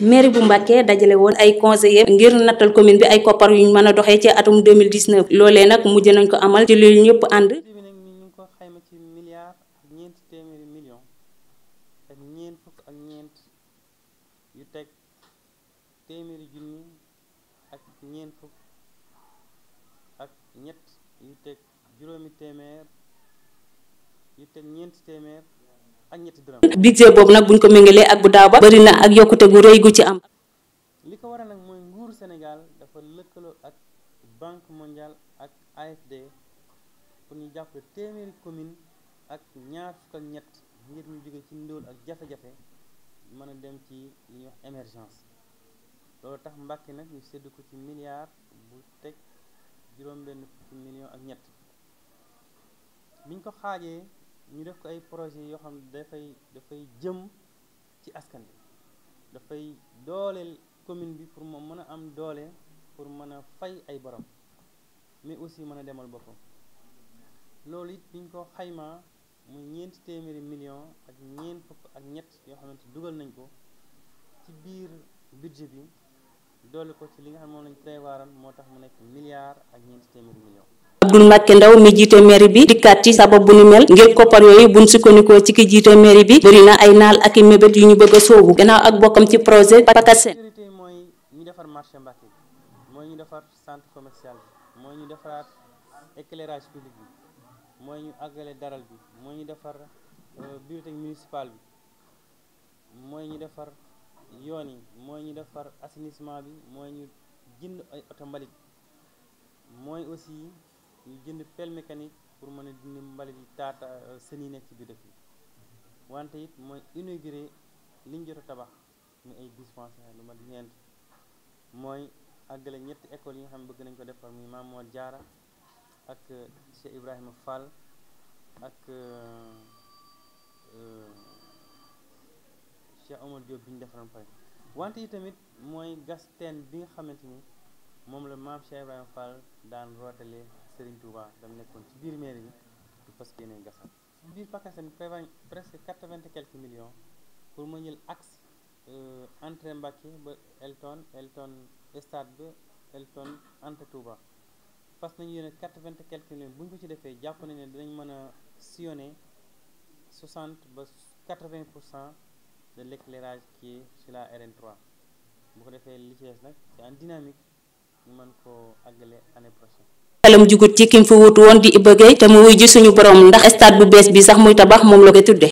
mairie bu Mbàkke dajale woon ay conseillers ngir nattal commune bi ay koppar yuñ mën a doxee ci atum 2019 loolee nag mujj nañ ko amal ci loolu ñëpp ànd téeméeri junni ak ñeent fukk ak ñett yu teg juróomi téeméer yu teg ñeenti téeméer budget boobu nag buñ ko méngalee ak bu daaw ba bëri na ak yokkute gu rëy gu ci am. li ko waral nag mooy nguur Sénégal dafa lëkkaloo ak banque mondiale ak AFD pour ñu jàpp téeméeri commune ak ñaar fukk ak ñett ngir ñu jóge ci ndóol ak jafe-jafe mën a dem ci li ñuy wax émergence loolu tax Mbàkke nag ñu sédd ko ci milliard bu teg juróom million ak ñett biñ ko xaajee ñu def ko ay projet yoo xam ne dafay dafay jëm ci askan bi dafay dooleel commune bi pour moom mën a am doole pour mën a fay ay borom mais aussi mën a demal boppam loolu it biñ ko xaymaa mu ñeenti téeméeri million ak ñeent fukk ak ñett yoo xamante dugal nañ ko ci biir budget bi doole ko ci li nga xam moom lañ prévoiran moo tax mu nekk milliard ak ñeenti téeméeri million Abdoul Mbacké Ndaw mi jiite mairie bi dikkaat ci sabab bu ni mel ngir koppar yooyu buñ sukkandikoo ci ki jiite mairie bi bëri na ay naal ak i mébét yu ñu bëgg a sóobu gannaaw ak bokkam ci projet Pakaseen mooy ñu defar marché Mbacké mooy ñu defar centre commercial bi mooy ñu defaraat éclairage public bi mooy ñu àggale daral bi mooy ñu defar euh, bibliothèque municipale bi mooy ñu defar yoon yi mooy ñu defar assainissement bi mooy ñu jënd ay oto mbalit mooy aussi ñu jënd pelle mécanique pour mën a dindi mbalit yi taata euh, seeni yi nekk ci biir dëkk yi wante it mooy inauguré liñ jot a tabax mu ay dispensaire lu ma ñeent mooy àggale ñetti école yi nga xam ne bëgg nañ ko defar muy Mamour Diarra ak euh, Cheikh Ibrahima Fall ak euh, Cheikh Omar Diop bi ñu defaroon pare wante yi mooy gas teen bi nga xamante ni moom la maam Cheikh Ibrahima Fall daan rootale Serigne Touba dam nekkoon ci biir mairie bi du fas yéene gasal biir pakastan prévoit presque quatre-vingt et quelques millions pour mu jël axe euh, entre Mbacké ba Elton Elton stade ba Elton entre Touba fas nañu yéene quatre-vingt et quelques bu ñu ko ci defee jàpp nañu dañ dinañ mën a sillonner soixante ba quatre-vingt pour cent de l'éclairage qui ci sur la rn boo ko defee li ci des nag c'est en dynamique ñu mën koo àggale année prochaine. xelam jugut ci kim fa wutu woon di Iba te mu wuy ji suñu borom ndax stade bu bees bi sax muy tabax moom la koy tuddee